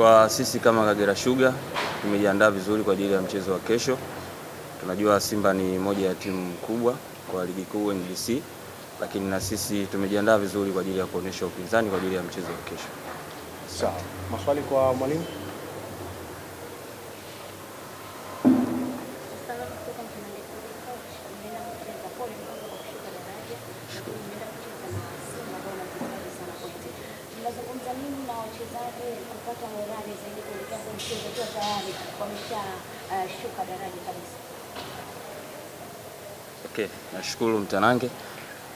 Kwa sisi kama Kagera Sugar tumejiandaa vizuri kwa ajili ya mchezo wa kesho. Tunajua Simba ni moja ya timu kubwa kwa ligi kuu NBC, lakini na sisi tumejiandaa vizuri kwa ajili ya kuonesha upinzani kwa ajili ya mchezo wa kesho. Sawa. Maswali kwa mwalimu? kupata morali zaidi kuelekea kwa mchezo, wakiwa tayari wameshashuka eh, uh, daraja kabisa. Okay, nashukuru Mtanange.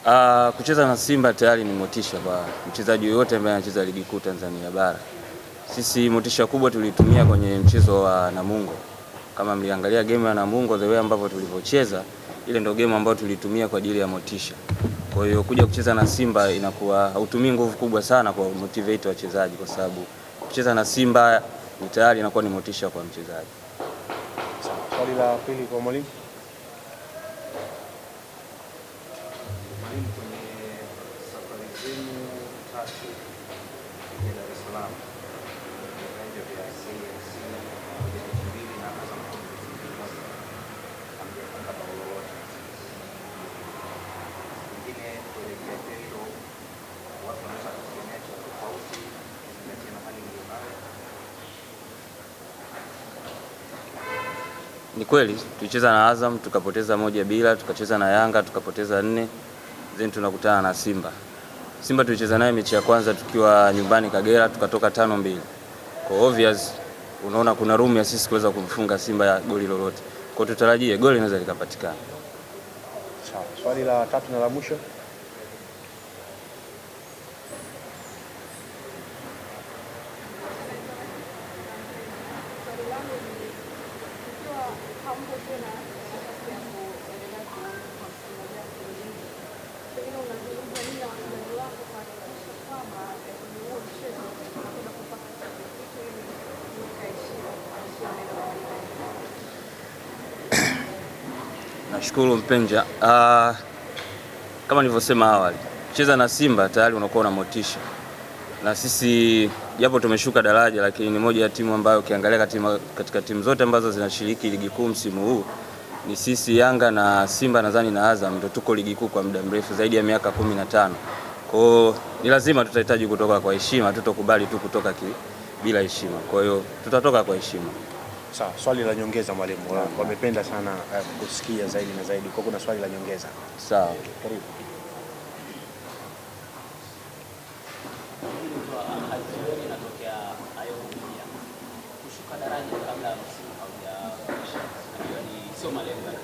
Uh, kucheza na Simba tayari ni motisha kwa mchezaji yoyote ambaye anacheza ligi kuu Tanzania bara. Sisi motisha kubwa tulitumia kwenye mchezo wa Namungo. Kama mliangalia game ya Namungo, the way ambavyo tulivyocheza, ile ndio game ambayo tulitumia kwa ajili ya motisha. Kwa hiyo kuja kucheza na Simba inakuwa hautumii nguvu kubwa sana kwa motivate wachezaji kwa sababu kucheza na Simba ni tayari inakuwa ni motisha kwa mchezaji. Swali la pili kwa mwalimu. Ni kweli tulicheza na Azam tukapoteza moja bila, tukacheza na Yanga tukapoteza nne, then tunakutana na Simba. Simba tulicheza naye mechi ya kwanza tukiwa nyumbani Kagera, tukatoka tano mbili. Kwa obvious unaona kuna room ya sisi kuweza kumfunga Simba ya goli lolote. Kwa tutarajie goli linaweza likapatikana. Sawa. Swali la tatu na la mwisho. Nashukuru Mpenja. Uh, kama nilivyosema awali, cheza na Simba tayari unakuwa una motisha na sisi japo tumeshuka daraja, lakini ni moja ya timu ambayo ukiangalia katika, katika timu zote ambazo zinashiriki ligi kuu msimu huu ni sisi Yanga na Simba nadhani na Azam ndio tuko ligi kuu kwa muda mrefu zaidi ya miaka kumi na tano. Kwa hiyo ni lazima tutahitaji kutoka kwa heshima, tutokubali tu kutoka ki, bila heshima. Kwa hiyo tutatoka kwa heshima. Sawa, swali la nyongeza mwalimu. Wamependa sana eh, kusikia zaidi na zaidi. Kwa kuna swali la nyongeza. Sawa. Karibu. sio malengo ya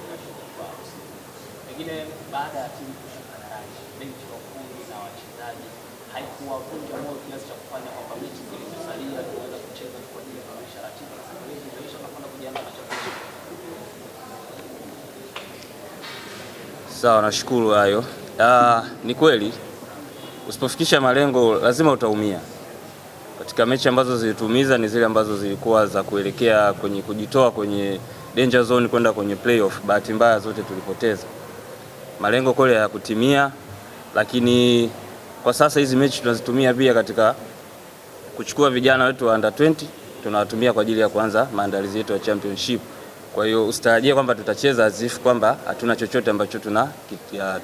pengine baada ya timu kushuka daraja, benchi ya kundi na wachezaji haikuwavunja moyo kiasi cha kufanya kwamba mechi zilizosalia tunaweza kucheza kwa ajili ya kuonyesha ratiba ya safari inaisha na kwenda kujiandaa na championship. Sawa, nashukuru hayo. Uh, ni kweli usipofikisha malengo lazima utaumia. Katika mechi ambazo zilitumiza ni zile ambazo zilikuwa za kuelekea kwenye kujitoa kwenye danger zone kwenda kwenye playoff. Bahati mbaya zote tulipoteza, malengo ya kutimia, lakini kwa sasa hizi mechi tunazitumia pia katika kuchukua vijana wetu wa under 20 tunawatumia kwa ajili ya kuanza maandalizi yetu ya championship. Kwa hiyo usitarajie kwamba tutacheza azif kwamba hatuna chochote ambacho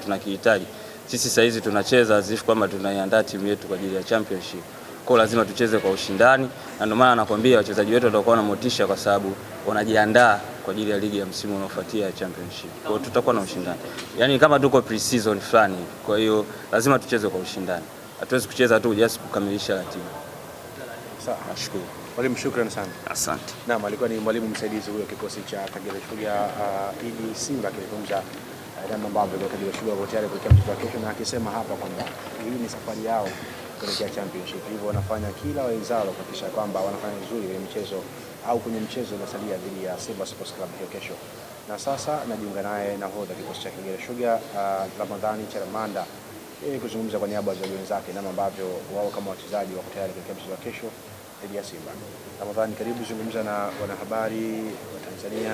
tunakihitaji. Sisi sasa hizi tunacheza azif kwamba tunaiandaa timu yetu kwa ajili ya championship. Kwa lazima tucheze kwa ushindani, na ndio maana nakwambia wachezaji wetu watakuwa na motisha, kwa sababu wanajiandaa kwa ajili ya ligi ya msimu unaofuatia ya championship. Kwa hiyo tutakuwa na ushindani, yaani kama tuko pre-season fulani, kwa hiyo lazima tucheze kwa ushindani, hatuwezi kucheza tu just kukamilisha ratiba. Sawa, nashukuru mwalimu, shukrani sana, asante. Naam, alikuwa ni mwalimu msaidizi huyo kikosi cha Kagera Sugar uh, Simba akizungumza uh, namna ambavyo Kagera Sugar wako tayari kuelekea mchezo wa kesho, na akisema hapa kwamba hii ni safari yao kuelekea championship, hivyo wanafanya kila wawezalo kuhakikisha kwamba wanafanya vizuri kwenye mchezo au kwenye mchezo uliosalia dhidi ya Simba Sports Club hiyo kesho. Na sasa najiunga naye nahodha kikosi cha Kagera Sugar uh, Ramadhani Charamanda ili kuzungumza kwa niaba ya wachezaji wenzake namna ambavyo wao kama wachezaji wako tayari kuelekea mchezo wa kesho dhidi ya Simba. Ramadhani, karibu zungumza na wanahabari wa Tanzania,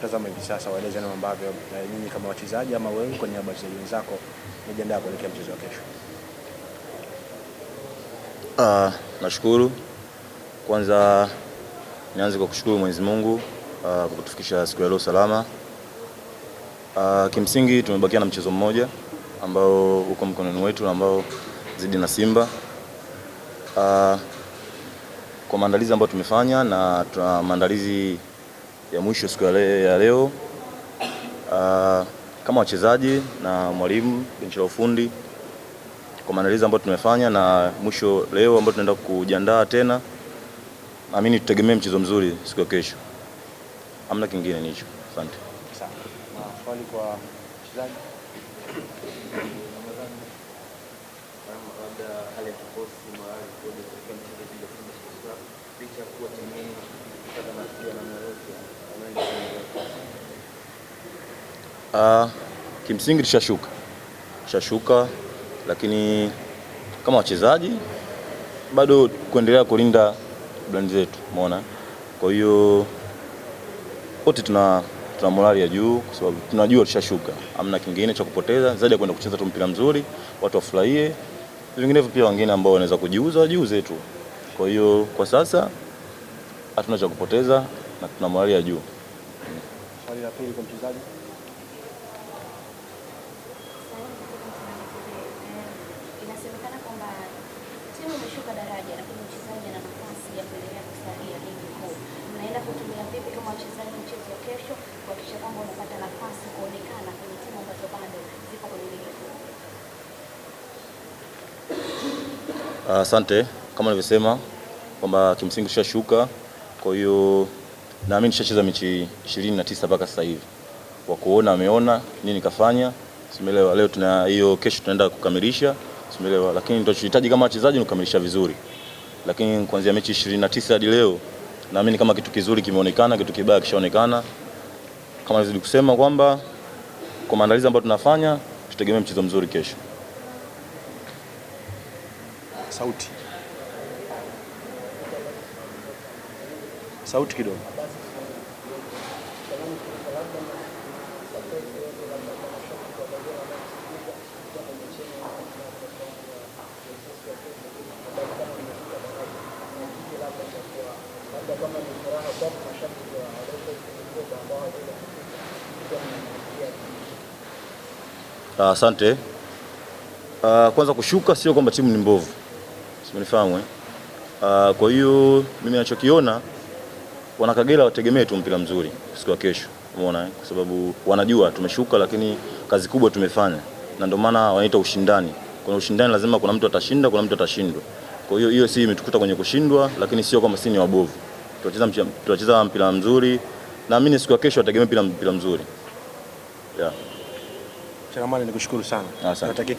tazama hivi sasa, waeleze namna ambavyo uh, nyinyi kama wachezaji ama wewe kwa niaba ya wenzako unajiandaa kuelekea mchezo wa kesho. Uh, nashukuru kwanza Nianze kwa kushukuru Mwenyezi Mungu ah, kwa kutufikisha siku ya leo salama. Uh, kimsingi tumebakia na mchezo mmoja ambao uko mkononi wetu ambao zidi na Simba. Uh, kwa maandalizi ambayo tumefanya na tuna maandalizi ya mwisho siku ya leo uh, kama wachezaji na mwalimu benchi la ufundi, kwa maandalizi ambayo tumefanya na mwisho leo ambayo tunaenda kujiandaa tena naamini tutegemee mchezo mzuri siku ya kesho, hamna kingine nicho. Asante. Uh, kimsingi tushashuka tushashuka, lakini kama wachezaji bado kuendelea kulinda brand zetu, umeona. Kwa hiyo wote tuna tuna morali ya juu kwa sababu tunajua tushashuka, hamna kingine cha kupoteza zaidi ya kwenda kucheza tu mpira mzuri, watu wafurahie, vinginevyo pia wengine ambao wanaweza kujiuza wajiuze tu. Kwa hiyo kwa sasa hatuna cha kupoteza na tuna morali ya juu. Swali la pili kwa mchezaji inasemekana kwamba timu imeshuka daraja mchezaji ana kuendelea kusalia ligi kuu. Mnaenda kutumia vipi kama wachezaji mchezo wa kesho kuhakikisha kwamba unapata nafasi kuonekana kwenye timu ambazo bado ziko kwenye ligi kuu? Asante. Uh, kama nilivyosema kwamba kimsingi tushashuka, kwa hiyo naamini tushacheza mechi 29 mpaka sasa hivi, kwa kuona ameona nini kafanya, simelewa. Leo tuna hiyo, kesho tunaenda kukamilisha, simelewa, lakini tunachohitaji kama wachezaji ni kukamilisha vizuri lakini kuanzia mechi 29 hadi leo naamini kama kitu kizuri kimeonekana, kitu kibaya kishaonekana. Kama nilizidi kusema kwamba kwa maandalizi ambayo tunafanya tutegemee mchezo mzuri kesho. Sauti. Sauti kidogo. Ah, asante. Uh, kwanza kushuka sio kwamba timu ni mbovu, simenifahamu eh? Uh, kwa hiyo mimi nachokiona wana Kagera wategemee tu mpira mzuri siku ya kesho, umeona eh? Kwa sababu wanajua tumeshuka, lakini kazi kubwa tumefanya, na ndio maana wanaita ushindani. Kuna ushindani, lazima kuna mtu atashinda, kuna mtu atashindwa. Kwa hiyo hiyo si imetukuta kwenye kushindwa, lakini sio kwamba si ni wabovu. tuacheza mpira mzuri, naamini siku ya kesho wategemee mpira mzuri yeah. Shakamani, nikushukuru sana. Natakia